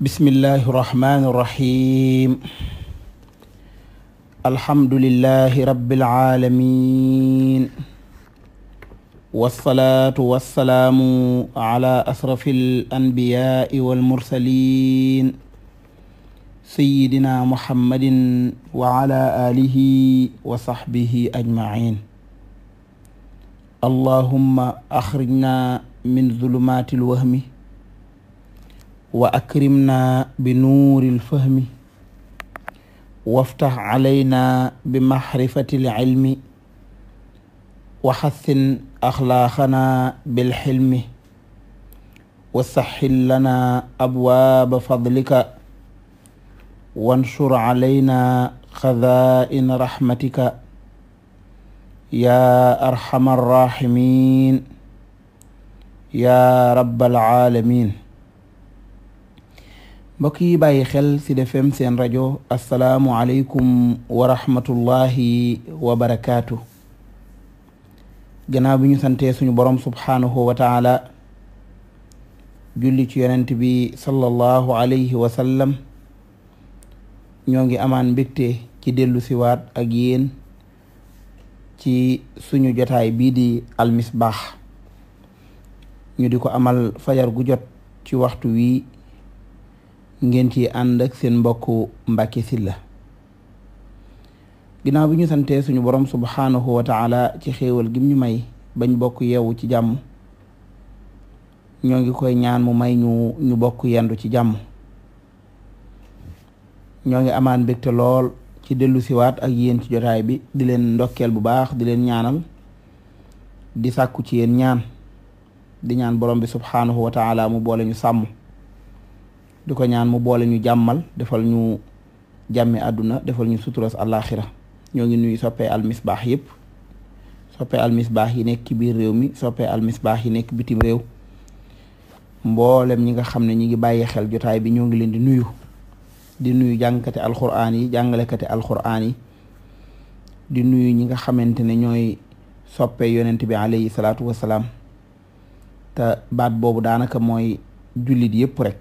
bismillahi irrahmani irrahim alhamdulilahi rabiilalamin walsalaatu walsalaamu ala asrafi alanbiyaai walmursalin sayidina muhammadin wa ala alihi wa saxbihi ajmain allahumma axrijna min zulumaati alwahmi wa akrimna bi nuuril fahmi waftax calayna bi maxrifatil cilmi wa xassin axlaaqana bil xilmi wa saxil lana abwaaba fadlika wansur calayna xazaa'ina raxmatika yaa arxama arraximin yaa rabbal caalamiin mbokk yi bàyyi xel ci Sud seen rajo asalaamualeykum wa rahmatullahi wa barakaatu. gannaaw bi ñu santee suñu borom subhaanahu wa taala julli ci yonent bi sallallahu alayhi wa ñoo ngi amaan mbégte ci dellu siwaat ak yéen ci suñu jotaay bii di almisbaax ñu di ko amal fajar gu jot ci waxtu wi ngeen ci ànd seen mbokku Mbacke Sylla ginnaaw bi ñu santee suñu borom subhaanahu wa taala ci xéewal gim ñu may bañ bokk yeewu ci jàmm ñoo ngi koy ñaan mu may ñu ñu bokk yendu ci jàmm ñoo ngi amaan mbégte lool ci dellu siwaat ak yéen ci jotaay bi di leen ndokkeel bu baax di leen ñaanal di sàkku ci yéen ñaan di ñaan borom bi subhaanahu wa taala mu boole ñu sàmm di ko ñaan mu boole ñu jàmmal defal ñu jàmmi àdduna defal ñu suturas àllaaxira ñoo ngi nuyu soppee almisbaax yëpp soppee almisbaax yi nekk ci biir réew mi soppee al almisbaax yi nekk bitim réew mboolem ñi nga xam ne ñi ngi bàyyi xel jotaay bi ñoo ngi leen di nuyu di nuyu jàngkate alxuraan yi jàngalekate alxuraan yi di nuyu ñi nga xamante ne ñooy soppe yonent bi alayhi salaatu wasalaam te baat boobu daanaka mooy jullit yëpp rek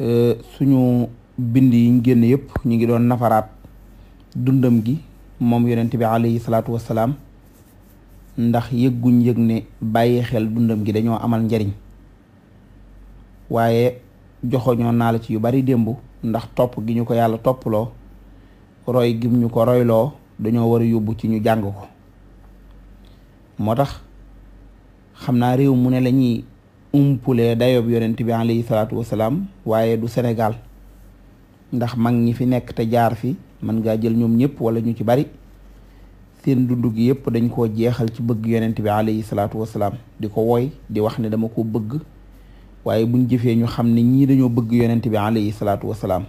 Euh, suñu bind yiñ génn yëpp ñu ngi doon nafaraat dundam gi moom yonent bi alayhi salaatu wasalaam ndax yëgguñ yëg ne bàyyi xel dundam gi dañoo amal njariñ waaye joxoñoo naa la ci yu bari démb ndax topp gi ñu ko yàlla topploo roy gim ñu ko royloo dañoo war a yóbbu ci ñu jàng ko moo tax xam naa réew mu ne lañuy umpulee dayob yonent bi alayhi salaatu wasalaam waaye du senegal ndax mag ñi fi nekk te jaar fi mën ngaa jël ñoom ñëpp wala ñu ci bari seen dund gi yëpp dañ ko jeexal ci bëgg yonent bi alayhi salaatu wasalaam di ko wooy di wax ne dama ko bëgg waaye buñ jëfee ñu xam ne ñii dañoo bëgg yonent bi alayhi salaatu wasalaam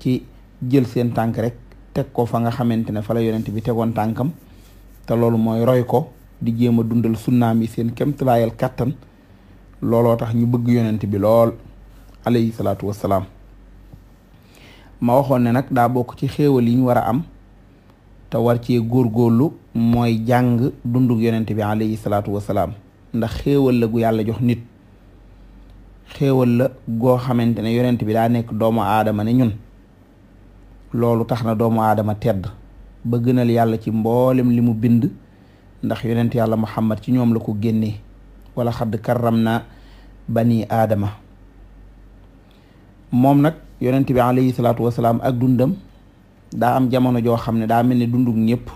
ci jël seen tànk rek teg ko fa nga xamante ne fa la yonent bi tegoon tànkam te loolu mooy roy ko di jéem a dundal sunnaam yi seen kemtalaayal kàttan looloo tax ñu bëgg yonent bi lool alayhi salaatu wassalaam ma waxoon ne nag daa bokk ci xéewal yi ñu war a am te war ce góor góorlu mooy jàng dundug yonent bi alayhi salaatu wassalaam ndax xéewal lagu yàlla jox nit xéewal la goo xamante ne yonent bi daa nekk doomu aadama ne ñun loolu tax na doomu aadama tedd bëgg nal yàlla ci mboolem li mu bind ndax yonent yàlla muhammad ci ñoom la ko génnee wala xadd karram na bani aadama moom nag yonent bi alayhi salaatu wasalaam ak dundam daa am jamono joo xam ne daa mel ni dundug ñëpp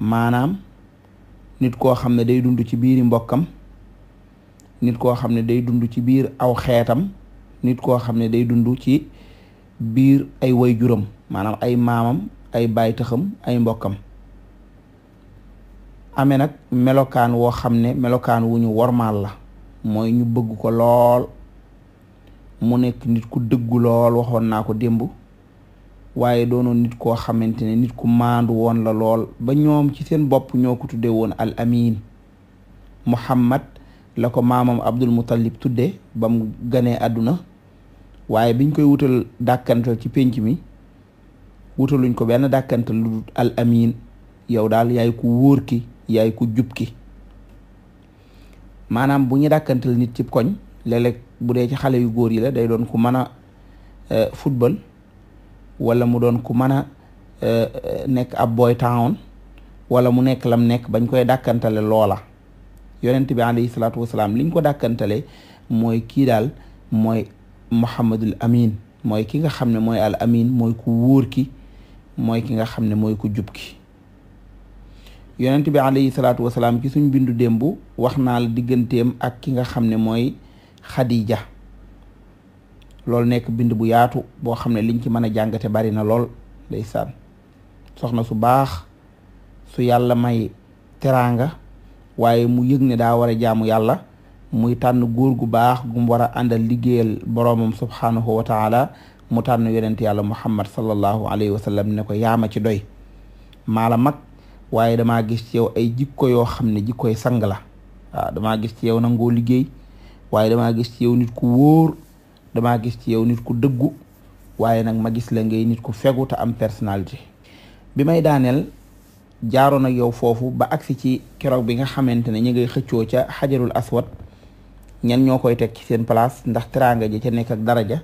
maanaam nit koo xam ne day dund ci biiri mbokkam nit koo xam ne day dund ci biir aw xeetam nit koo xam ne day dundu ci biir ay way juram maanaam ay maamam ay baay ay mbokkam amee nag melokaan woo xam ne melokaan wu ñu wormaal la mooy ñu bëgg ko lool mu nekk nit ku dëggu lool waxoon naa ko démb waaye doonoon nit koo xamante ne nit ku maandu woon la lool ba ñoom ci seen bopp ñoo ko tudde woon al amin muhammad la ko maamam abdul mutallib tudde ba mu ganee àdduna waaye biñ koy wutal dàkkantal ci pénc mi wutaluñ ko benn dàkkantal al amin yow daal yaay ku wóor ki yaay ku jub ki maanaam bu ñu dàkkantal nit ci koñ léeg-léeg bu dee ci xale yu góor yi la day doon ku mën a euh, football wala mu doon ku mën a euh, euh, nekk ab boy town wala mu nekk lam nekk bañ koy dàkkantale loola yonent bi alayhi salaatu wasalaam liñ ko dàkkantale mooy kii daal mooy Muhammadul Amin mooy ki nga xam ne mooy al Amin mooy ku wóor ki mooy ki nga xam ne mooy ku jub ki yonent bi alayhi salaatu wasalaam ci suñ bindu démb wax naa la digganteem ak ki nga xam ne mooy Khadija loolu nekk bind bu yaatu boo xam ne liñ ci mën a jàngate bari na lool ndeysaan soxna su baax su yàlla may teraanga waaye mu yëg ne daa war a jaamu yàlla muy tànn góor gu baax gum war a àndal liggéeyal boroomam subhaanahu wa taala mu tànn yonent yàlla muhammad sallallahu alayhi wa sallam ne ko yaama ci doy maala mag waaye damaa gis ci yow ay jikko yoo xam ne jikkoy sang la waaw damaa gis ci yow nangoo liggéey waaye damaa gis ci yow nit ku wóor damaa gis ci yow nit ku dëggu waaye nag ma gis la ngay nit ku fegu te am personnalité bi may daaneel jaaroon ak yow foofu ba agsi ci keroog bi nga xamante ne ñi ngay xëccoo ca xajarul aswad ñan ñoo koy teg ci seen place ndax teraanga ji ca nekk ak ja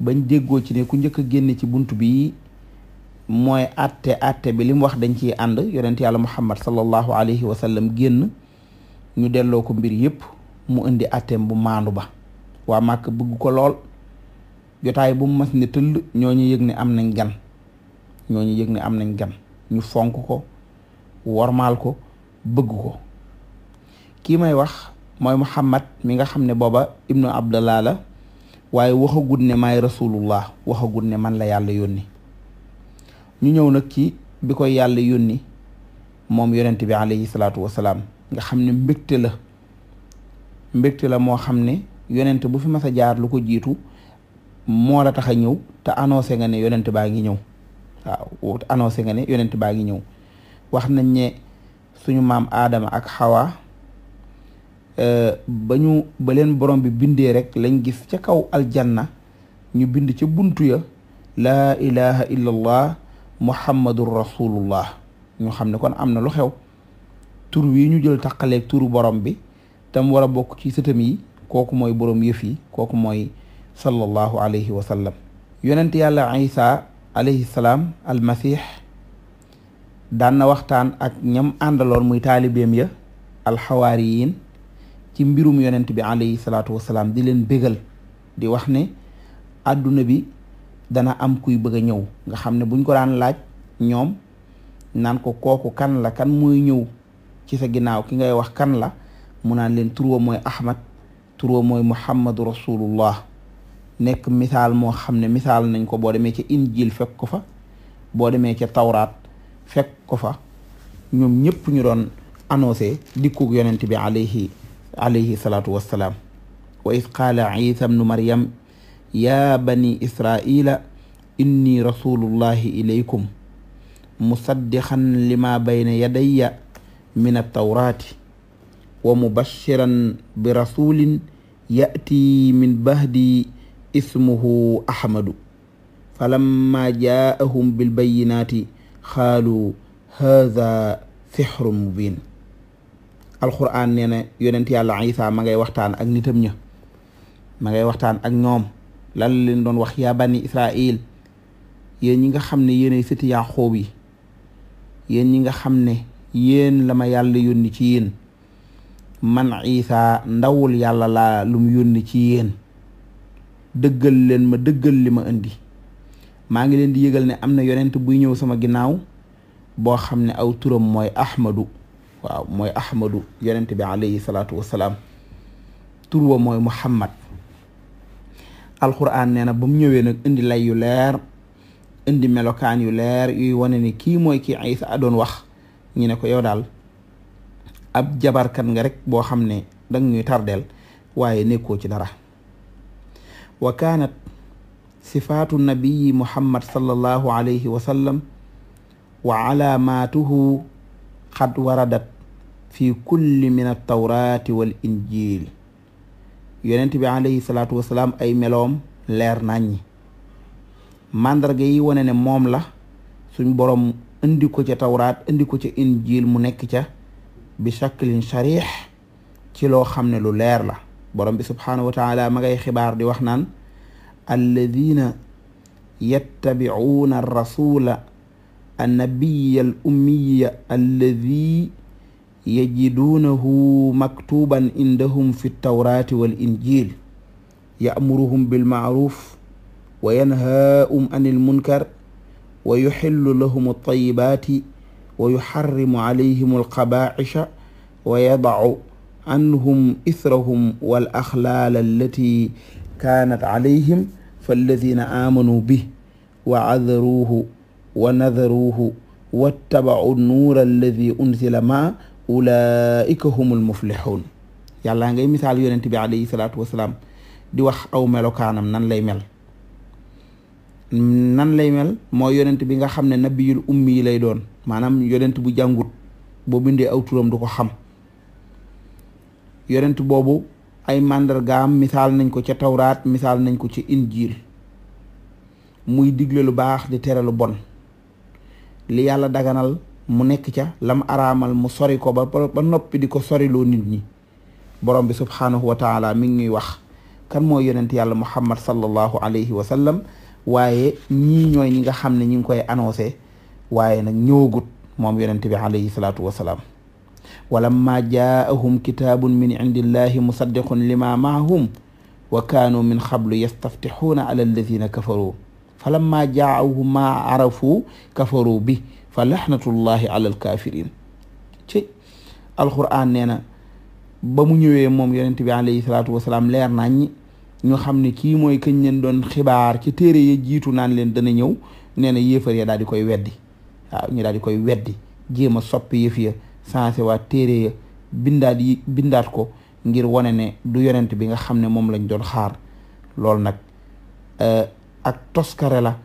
bañ déggoo ci ne njëkk a génne ci bunt bi mooy atte atte bi li mu wax dañ ciy ànd yonent yàlla muhammad sallallahu alayhi wa sallam génn ñu delloo ko mbir yëpp mu indi atteem bu maandu ba waa màkk bëgg ko lool jotaay bu mu mas ne tëll ñoo ñu yëg ne am nañ gan ñoo yëg ne am nañ gan ñu fonk ko wormaal ko bëgg ko kii may wax mooy muhammad mi nga xam ne booba ibnu abdallah la waaye waxagut ne maay rasulullah waxagut ne man la yàlla yónni ñu ñëw nag ci bi koy yàlla yónni moom yonent bi alayhi salaatu wasalaam nga xam ne mbégte la mbégte la moo xam ne yonent bu fi mas a jaar lu ko jiitu moo la tax a ñëw te annoncé nga ne yonent baa ngi ñëw waaw annoncé nga ne yonent baa ngi ñëw wax nañ ne suñu maam aadama ak xawaa euh, ba ñu ba leen borom bi bindee rek lañ gis ca kaw aljanna ñu bind ca buntu ya laa ilaha illallah muhammadur rasulullah ñu xam ne kon am na lu xew tur wi ñu jël taqaleeg tur boroom bi tam war bokk ci sëtam yi kooku mooy borom yëf yi kooku mooy sallallahu alayhi wa sallam yonent yàlla isa alayhi salaam almasih daan na waxtaan ak ñam àndaloon muy taalibeem ya alxawaariyin ci mbirum yonent bi alayhi salaatu wasalaam di leen bégal di wax ne àdduna bi dana am kuy bëgg a ñëw nga xam ne buñ ko daan laaj ñoom naan ko kooku kan la kan mooy ñëw ci sa ginnaaw ki ngay wax kan la mu naan leen turwa mooy Ahmad turwa mooy Muhammadu rasulullah nekk misaal moo xam ne misaal nañ ko boo demee ca injil fekk ko fa boo demee ca tawraat fekk ko fa ñoom ñëpp ñu doon annoncé dikkug yonent bi alayhi alayhi salaatu wassalaam wa id qaala isa bnu maryam yaa bani israila inni rasulullahi ilaykum musaddixan lima bayna yadayya min altawraati wa mubashiran bi rasulin ya'ti min bahdi ismuhu ahmadu falamma jaa'ahum bilbayinaati xaalu haadha sixru mubin alqur'an nee na yonent yàlla isa ma ngay waxtaan ak nitam ña ma ngay waxtaan ak ñoom lan leen doon wax yaa bani israil yéen ñi nga xam ne yéenay set Yaaxoob yi yéen ñi nga xam ne yéen la ma yàlla yónni ci yéen man Isa ndawul yàlla laa lu mu ci yéen dëggal leen ma dëggal li ma indi maa ngi leen di yëgal ne am na yonent buy ñëw sama ginnaaw boo xam ne aw turam mooy Ahmadu waaw yonent bi alayhi salaatu wasalaam tur wa mooy Muhammad alxuraan nee na ba mu ñëwee nag indi lay yu leer indi melokaan yu leer yuy wane ni kii mooy kii Isa a wax ñu ne ko yow daal ab jabarkat nga rek boo xam ne dang ñuy tardeel waaye nekkoo ci dara wa kaanat sifaatu nabiyi muhammad sallallahu alayhi wa sallam wa alaamaatuhu xad waradat fi kulli min altawraati wal injil yonent bi alayhi salaatu wasalaam ay meloom leer naññi màndarga yi wane ne moom la suñ borom indi ko ca tawraat indi ko ca injiil mu nekk ca bi shaklin sharih ci loo xam ne lu leer la borom bi subhaanahu wa taala ma ngay xibaar di wax naan alladina yattabicuuna yajiduunahu maktuban indahum fi ltawrati wal injil yaamuruhum bilmaaruf wa yanhaahum an ilmunkar wa yuxillu lahum altayibaati wa yuxarrimu calayhim alqabaacisha wa yadacu anhum israhum wal axlaala allati kaanat calayhim falladina aamanuu bih wa cadaruuhu wa nadaruuhu wattabacu nuura alladi unsila maa ulaika humul muflixuun yàlla ngay misaal yonent bi alayhi salaatu salaam di wax aw melokaanam nan lay mel nan lay mel moo yonent bi nga xam ne nabiyul ummi lay doon maanaam yonent bu jàngut boo bindee aw du ko xam yonent boobu ay màndargaam misaal nañ ko ca tawraat misaal nañ ko ca injiil muy digle lu baax di tere bon li yàlla daganal mu nekk ca lam araamal mu sori ko ba ba noppi di ko soriloo nit ñi borom bi subhaanahu wa taala mi ngi ñuy wax kan mooy yonent yàlla muhammad sallallahu alayhi wa sallam waaye ñii ñooy ñi nga xam ne ñi ngi koy annoncé waaye nag ñëwagut moom yonent bi alayhi salaatu wa salaam walamma jaahum kitaabun min indillahi musaddiqun lima maahum wa kaanu min xablu yastaftixuuna ala alladina kafaru falamma jaahum ma arafu kafaru bi fa laxnatullahi ala alkaafiriin ci alquran nee na ba mu ñëwee moom yonent bi alayhi salaatu wasalaam leer nañ ñu xam ne kii mooy këñ leen doon xibaar ci téere ya jiitu naan leen dana ñëw nee na yéefar ya daal di koy weddi waaw ñu daal di koy weddi jéem a soppi yëf ya téere ya bindaat ko ngir wane ne du yonent bi nga xam ne moom lañ doon xaar loolu nag euh, ak toskare la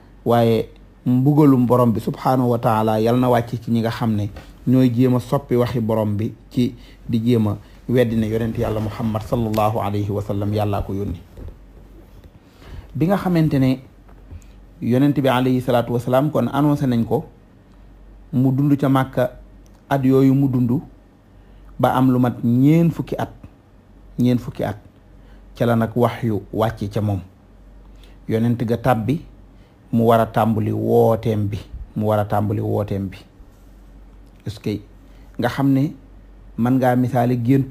mbugalum borom bi subhaanahu wa taala yal na wàcc ci ñi nga xam ne ñooy jéem a soppi waxi borom bi ci di jéem a weddi ne yonent yàlla muhammad sallallahu alayhi wa sallam yàllaa ko yónni bi nga xamante ne yonent bi alayhi salaatu wa salaam kon annoncé nañ ko mu dund ca màkka at yooyu mu dund ba am lu mat ñeen fukki at ñeen fukki at ca la nag wax yu wàcc ca moom yonent ga tàbbi mu war a tàmbali wooteem bi mu war a tàmbali wooteem bi est nga xam ne man ngaa misaale gént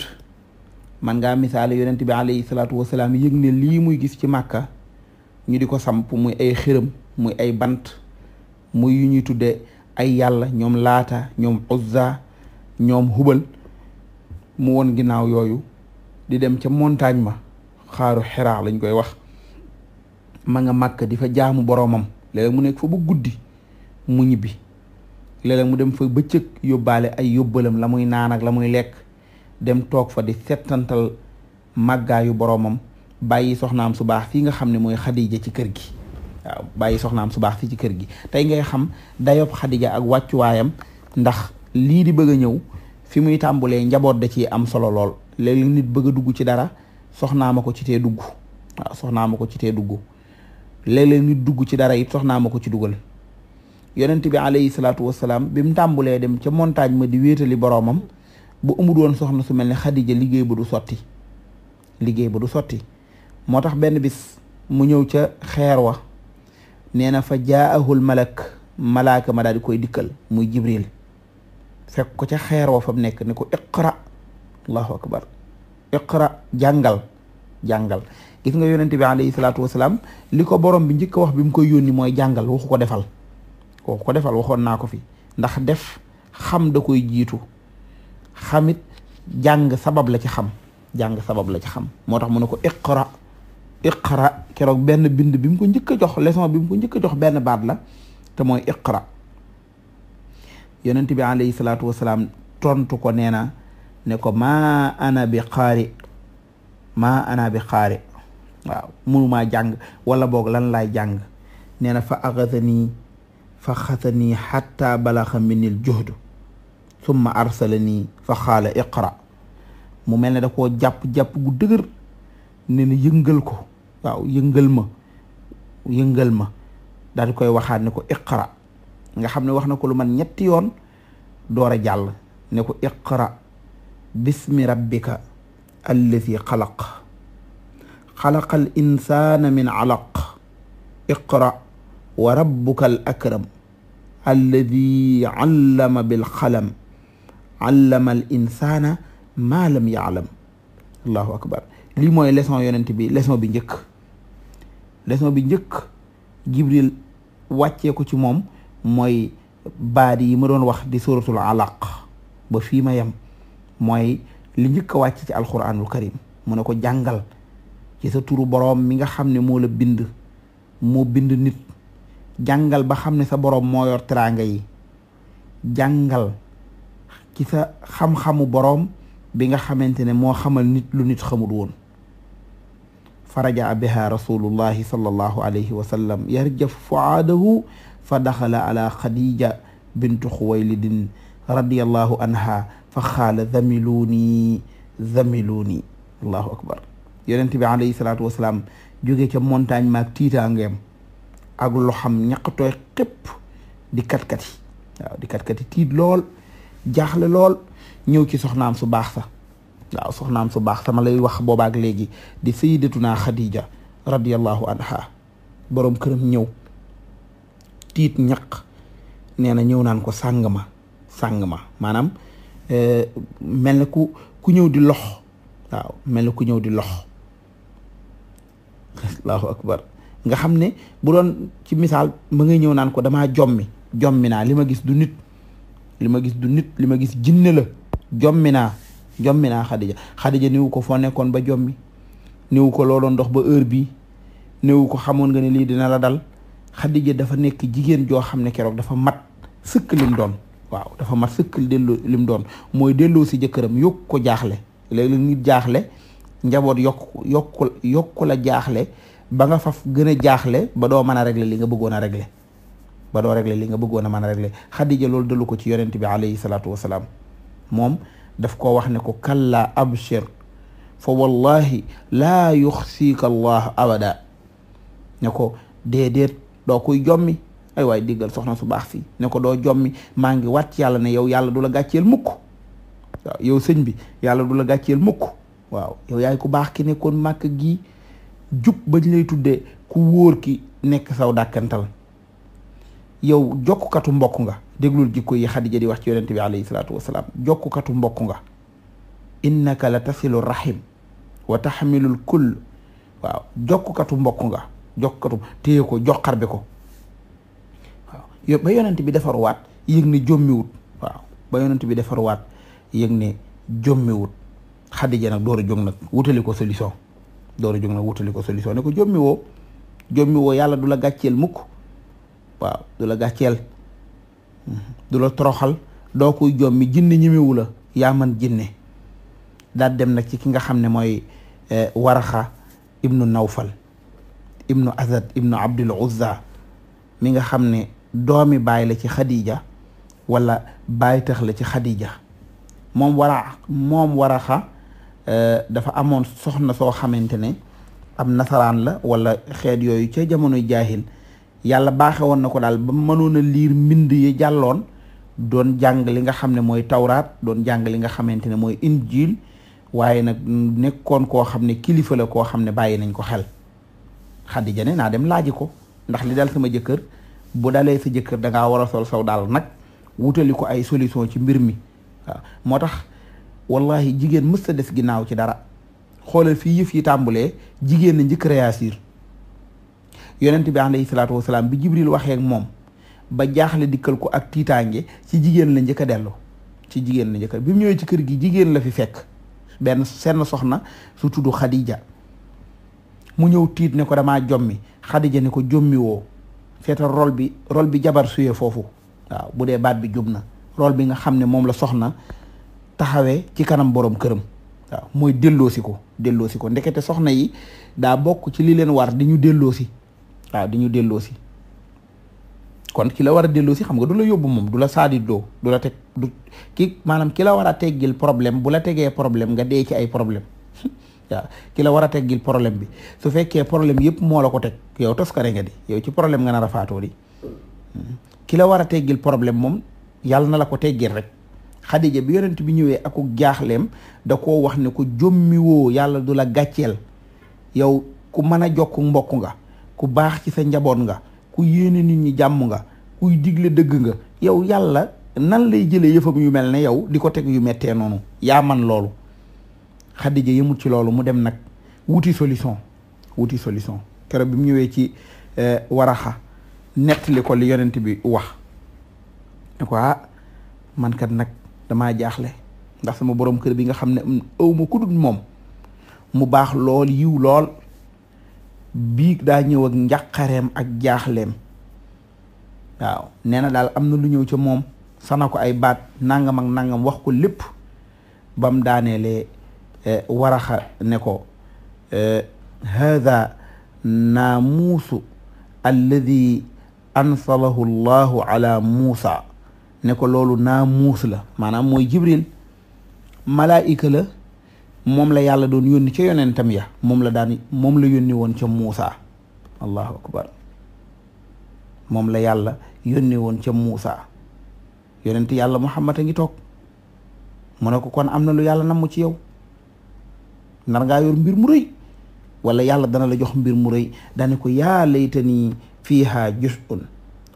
man ngaa misaale yonent bi alayhi salaatu wasalaam yëg ne lii muy gis ci màkka ñu di ko samp muy ay xërëm muy ay bant muy yu ñuy tudde ay yàlla ñoom laata ñoom uzza ñoom xubal mu woon ginnaaw yooyu di dem ca montagne ma xaaru xeraa lañ koy wax ma nga màkk di fa jaamu boroomam léeg mu nekk fa ba guddi mu ñibbi léeg mu dem fa bëccëg yóbbaale ay yóbbalam la muy naan ak la muy lekk dem toog fa di settantal màggaayu boroomam bàyyi soxnaam su baax fii nga xam ne mooy xadija ci kër gi waaw bàyyi soxnaam su baax fii ci kër gi tey ngay xam dayob xadija ak wàccuwaayam ndax lii di bëgg a ñëw fi muy tàmbulee njaboot da ciy am solo lool léeg-léeg nit bëgg dugg ci dara soxnaama ko ci tee dugg waaw soxnaama ko ci tee dugg léeg-léeg dugg ci dara it soxnaa ma ko ci dugal yonent bi alayhi salaatu wasalaam bi mu tàmbulee dem ca montagne ma di wéetali boroomam bu amul woon soxna su mel ne Xadija liggéey ba du sotti liggéey ba du sotti moo tax benn bis mu ñëw ca xeer wa nee na fa jaahul malak malaaka ma daal di koy dikkal muy jibril fekk ko ca xeer wa fa mu nekk ni ko iqra allahu iqra jàngal jàngal gis nga yonente bi alayhi salaatu wasalaam li ko borom bi njëkk a wax bi mu koy yónni mooy jàngal waxu ko defal waxu ko defal waxoon naa ko fi ndax def xam da koy jiitu xamit jàng sabab la ci xam jàng sabab la ci xam moo tax mu ne ko iqra iqra keroog benn bind bi ko njëkk a jox leçon bi mu ko njëkk a jox benn baat la te mooy iqra yonente bi alayhi salaatu wasalaam tontu ko nee na ne ko maa ana bi maa ana bi xaari waaw ma jàng wala boog lan laay jàng nee na fa axasanii fa xasanii xatta balaxa minil juhdu summa ni fa xaala iqra mu mel ne da koo jàpp-jàpp gu dëgër nee yëngal ko waaw yëngal ma yëngal ma daal koy waxaat ne ko iqra nga xam ne wax na ko lu man ñetti yoon door a jàll ne ko iqra bismi rabbika alladi xalaq xalaqa al insaana min alaq iqra wa rabbuka al akram alladi allama bil xalam allama al insaana maa lam yaalam allahu akbar lii mooy leçon yonent bi leçon bi njëkk leçon bi njëkk jibril wàccee ko ci moom mooy baat yi ma doon wax di suratul alaq ba fii ma yem mooy li njëkk a wàcc ci alquranul karim mu ne ko jàngal ci sa turu boroom mi nga xam ne moo la bind mu bind nit jàngal ba xam ne sa boroom moo yor teraanga yi jàngal ci sa xam-xamu boroom bi nga xamante ne moo xamal nit lu nit xamul woon faraja biha rasulullahi sallallahu alayhi wa sallam fa daxala ala xadija bintu xuwaylidin radiallahu anha fa xaala zamiluni zamiluni allahu akbar yonent bi alayhi salaatu wasalaam jóge ca montagne maag tiitaangeem ak loo xam ñaqtooy xépp di katkat yi waaw yi tiit lool jaaxle lool ñëw ci soxnaam su baax sa waaw soxnaam su baax sama lay wax boobaak léegi di sayidatuna xadija radiallahu anha boroom këram ñëw tiit ñaq nee na ñëw naan ko sàng ma sàng ma maanaam Euh, mel na ku ku ñëw di lox waaw mel na ku ñëw di lox allahu akbar nga xam ne bu doon ci misaal ma ngay ñëw naan ko damaa jommi jommi naa li ma gis du nit li ma gis du nit li ma gis jinne la jommi naa jommi naa xadija xadija niwu ko foo nekkoon ba jommi niwu ko looloon ndox ba heure bii niwu ko xamoon nga ne lii dina la dal xadija dafa nekk jigéen joo xam ne keroog dafa mat sëkk lim doon waaw dafa mat sëkk delloo lim doon mooy delloo si jëkkëram yokk ko jaaxle léeg-léeg nit jaaxle njaboot yokk yokku jaaxle ba nga faf gën a jaaxle ba doo mën a régler li nga bëggoon a régler ba doo régler li nga bëggoon a mën a régler xadija loolu dellu ko ci yonent bi alayhi salaatu wasalaam moom def ko wax ne ko kalla abshir fa wallahi laa yuxsiika allah abada ne ko déedéet doo koy jommi ay waay diggal soxna su baax si ne doo jommi maa ngi wat yàlla ne yow yàlla du la gàcceel mukk waaw sëñ bi yàlla du la gàcceel mukk waaw yow yaay ku baax ki nekkoon màkk gi jub bañ lay tudde ku wóor ki nekk saw dàkkantal yow jokkukatu mbokk nga déglul jikko yi xadija wax ci yonente bi alayhi salaatu wasalaam jokkukatu mbokk nga innaka la tasilu rahim wa taxmilul kull waaw jokkukatu mbokk nga jokkukatu téye ko joxar bi ko yo ba yonent bi defarwaat yëg ne jommiwut waaw ba bi defarwaat yëg ne jommiwut xadija nag door a jóg nag ko solution door a jóg nag wutali ko solution ne ko jommi woo yàlla du la gàcceel mukk waaw du la gàcceel mhm. du la toroxal doo koy jommi jinne ñemewu la jinne daal dem nag ci ki nga xam ne mooy eh, waraxa ibnu nawfal ibnu azad ibnu abdul uzza mi nga xam ne doomi bàyyi la ci xadija wala baay la ci xadija moom wara moom waraxa euh, dafa amoon soxna soo xamante ne am nasaraan la wala xeet yooyu ca jamonoy jaahil yàlla baaxe woon na ko daal ba mënoon a liir mbind yi jàlloon doon jàng li nga xam ne mooy tawraat doon jàng li nga xamante ne mooy injil waaye nag nekkoon koo xam ne kilifa la koo xam ne bàyyi nañ ko xel xadija ne naa dem laaj ko ndax li dal sama jëkkër bu dalee sa jëkkër danga war a sol saw daal nag wutali ko ay solution ci mbir mi moo tax wallahi jigéen mës a des ginnaaw ci dara xoolal fii yëf yi tàmbulee jigéen na njëkk réagir yonent bi alayhi salaatu wasalaam bi jibril waxee ak moom ba jaaxle dikkal ko ak tiitaange ci jigéen la njëkk a dellu ci jigéen la njëkk mu ñëwee ci kër gi jigéen la fi fekk benn seen soxna su tudd Khadija mu ñëw tiit ne ko damaa jommi Khadija ne ko jommi seetal rôle bi rôle bi jabar suyee foofu waaw bu dee baat bi jub na rôle bi nga xam ne moom la soxna taxawee ci kanam boroom këram waaw mooy delloosi ko delloosi ko ndekete soxna yi daa bokk ci li leen war di ñu delloosi waaw di ñu delloosi kon ki la war a delloosi xam nga du la yóbbu moom du la saadidoo du la teg du ki maanaam ki la war a teggil problème bu la tegee problème nga dee ci ay problème ki la war a teggil problème bi su fekkee problème yëpp moo la ko teg yow toskare nga di yow ci problème nga nar a faatoo hmm. ki la war a teggil problème moom yàlla na la ko teggil rek xadija bi yonent bi ñëwee aku jaaxleem da koo wax ne ko jommi woo yàlla du la gàcceel yow ku mën a jokk mbokk nga ku baax ci sa njaboot nga ku yéene nit ñi jàmm nga kuy digle dëgg nga yow yàlla nan lay jëlee yëfam yu mel ne yow di ko teg yu mettee noonu yaa man loolu Xadija yëmut ci loolu mu dem nag wuti solution wuti solution keroog bi mu ñëwee ci eh, waraxa nettali ko li yonent bi wax ne ko ah man kat nag dama jaaxle ndax sama boroom kër bi nga xam ne ëw ma ku moom mu baax lool yiw lool bii daa ñëw ak ak jaaxleem waaw nee na daal am na lu ñëw ca moom sana ko ay baat nangam ak nangam wax ko lépp bam daaneelee Eh, waraxa ne ko eh, haada naamuusu alladi ansalahu llahu ala muusa ne ko loolu naamuus la maanaam mooy jibril malaayika la moom la yàlla doon yónni ca yonentam ya moom la daan moom la yónni woon ca muusa allahu akbar moom la yàlla yónni woon ca muusa yonent yàlla muhammad a ngi toog mu ne ko kon am na lu yàlla namm ci yow nar ngaa yor mbir mu wala yàlla dana la jox mbir mu rëy daane ko yaa laytanii fiihaa juz'un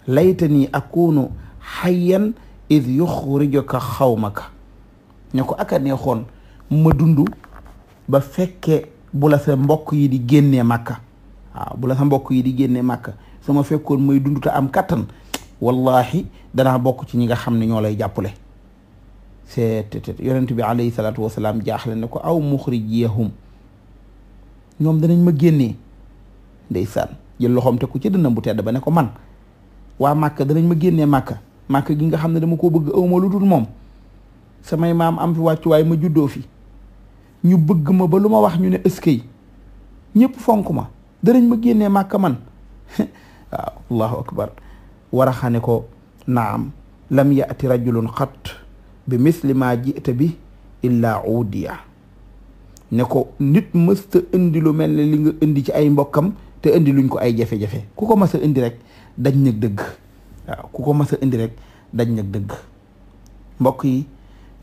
laytanii akunu hayyan id yuxrijuka maka ne ko aka neexoon ma dund ba fekke bu sa mbokk yi di génnee màkka waaw sa mbokk yi di génnee màkka ma fekkoon may dund te am kattan wallahi danaa bokk ci ñi nga xam ne ñoo lay jàppale seetetet yonent bi alayhi salaatu wasalaam jaaxle ne ko aw muxrijiyahum ñoom danañ ma génnee ndeysaan jël loxoom te ku ci dënam bu tedd ba ne ko man waa màkk danañ ma génnee màkk màkk gi nga xam ne dama koo bëgg awma lu moom samay maam am fi wàccuwaay ma juddoo fi ñu bëgg ma ba lu ma wax ñu ne ëskay ñëpp fonk ma danañ ma génnee màkk man waaw allahu akbar waraxane ko naam lam yaati rajulun xat bi misliment maa jiite bi illaa uudiya ne ko nit mësta indi lu mel ne li nga indi ci ay mbokkam te indi luñ ko ay jafe-jafe ku ko mas indi rek dañ nag dëgg waaw ku ko mas indi rek dañ nag dëgg mbokk yi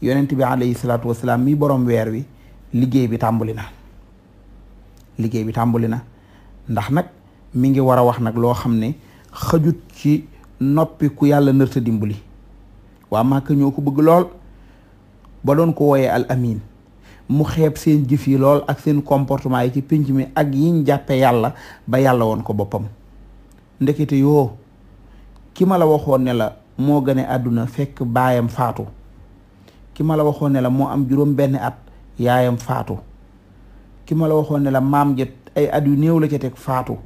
yonent bi alayhi salaatu wasalaam mi borom weer wi liggéey bi tàmbali na liggéey bi tàmbali na ndax nag mi ngi war a wax nag loo xam ne xajut ci noppi ku yàlla nërta dimbali waa Màkka ñoo ko bëgg lool ba doon ko wooyee al amin mu xeeb seen jëf yi lool ak seen comportement yi ci pénc mi ak yiñ jàppe yàlla ba yàlla woon ko boppam ndekete yoo ki ma la waxoon ne la moo gane àdduna fekk baayam faatu ki ma la waxoon ne la moo am juróom benn at yaayam faatu ki ma la waxoon ne la maam jët ay at yu néew la ca teg faatu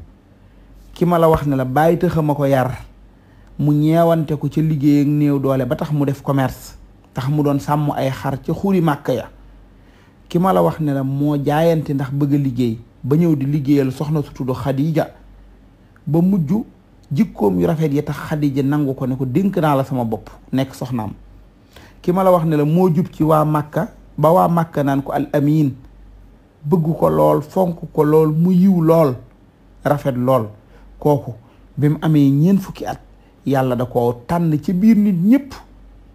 ki ma la wax ne la bàyyi tëxa ma ko yar mu ñeewante ko ca liggéey néew doole ba tax mu def commerce tax mu doon sàmm ay xar ca xuri màkk ya ki ma la wax ne moo jaayante ndax bëgg liggéey ba ñëw di liggéeyal soxna su tudd Xadija ba mujj jikkoom yu rafet yi tax Xadija nangu ko ne ko dénk naa la sama bopp nekk soxnaam ki ma la wax ne la moo jub ci waa màkka ba waa màkka naan ko al amin bëgg ko lool fonk ko lool mu yiw lool rafet lool kooku bi mu amee ñeent fukki at yàlla da koo tànn ci biir nit ñëpp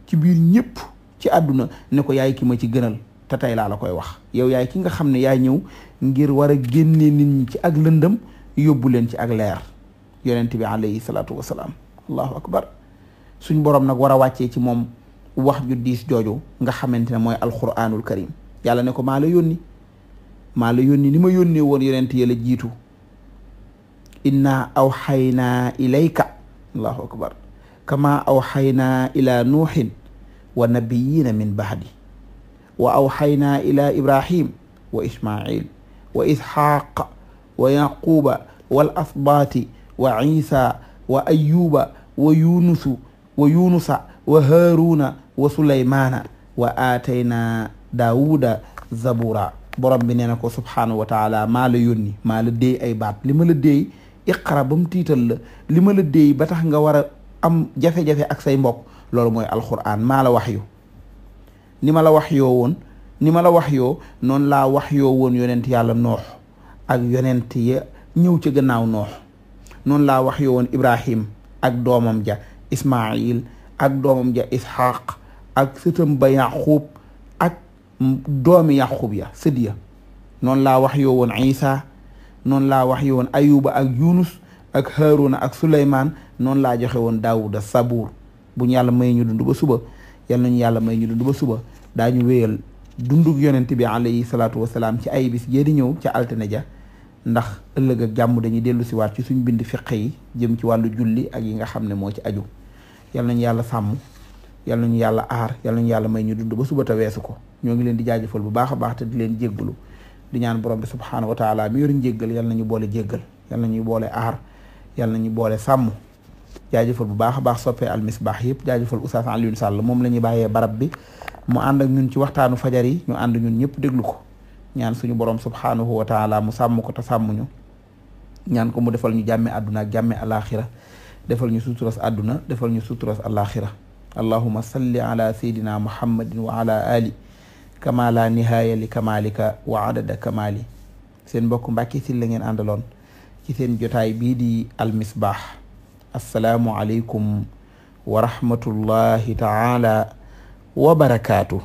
ci biir ñëpp ci àdduna ne ko yaay ki ma ci gënal te tey laa la koy wax yow yaay ki nga xam ne yaay ñëw ngir war a génnee nit ñi ci ak lëndëm yóbbu leen ci ak leer yonent bi alayhi salaatu wasalaam allahu akbar suñ borom nag war a wàccee ci moom wax ju diis jooju nga xamante ne mooy alquranul karim yàlla ne ko maa la yónni maa la yónni ni ma yónnee woon yonent yëla jiitu inna xayna ilayka allahu akbar kama awxaynaa ila nuuxin wa nabiyina min baxdi wa awxaynaa ila ibrahim wa ismail wa isxaaq wa yaquba wal asbaati wa isa wa ayuba wa yunusu wa yunusa wa haaruna wa suleymaana wa aataynaa daawuda zabura borom bi nee na ko subhaanahu wa taala maa la yónni maa la déey ay baat li ma la déey iqra ba mu tiital la li ma la déey ba tax nga war a am jafe-jafe ak say mbokk loolu mooy alquran maa la wax yu ni ma la wax yoo woon ni ma la wax yoo noonu laa wax yoo woon yonent yàlla noox ak yonent ya ñëw ca gannaaw noox noonu laa wax yoo woon ibrahim ak doomam ja ismail ak doomam ja isxaq ak sëtam ba yaqub ak doomi yaqub ya sëd ya noonu laa wax woon isa noonu laa wax yoon ayuba ak yunus ak haruna ak suleymaan noonu laa joxe woon daawuda sabuur bu ñu yàlla may ñu dund ba suba yàlla nañu yàlla may ñu dund ba suba daañu wéyal dundug yonent bi alayhi salaatu wasalaam ci ay bis yee di ñëw ca altine ja ndax ëllëg ak jàmm dañuy dellu si waat ci suñ bind fiqh yi jëm ci wàllu julli ak yi nga xam ne moo ci aju yal nañu yàlla sàmm yal nañu yàlla aar yal nañu yàlla may ñu dund ba suba te weesu ko ñoo ngi leen di jaajëfal bu baax a baax te di leen jéggulu di ñaan borom bi subhaanahu wa taala mi yor njéggal yal nañu boole jéggal yal nañu boole aar yal nañu boole sàmm jaajëfal bu baax baax soppee Al Misbah yëpp jaajëfal Oustaz Alioune Sall moom la ñuy bàyyee barab bi mu ànd ak ñun ci waxtaanu fajar yi ñu ànd ñun ñëpp déglu ko ñaan suñu borom subhaanahu wa taala mu sàmm ko te ñu ñaan ko mu defal ñu jàmme àdduna ak jàmme alaxira defal ñu suturas adduna defal ñu suturas alaxira allahuma salli ala sayyidina muhammadin wa ala ali kama la nihaaya li wa adada kamali seen mbokk Mbàkke Sylla la ngeen àndaloon ci seen jotaay bii di almisbaax assalaamu aleykum wa rahmatullahi taala wa barakaatu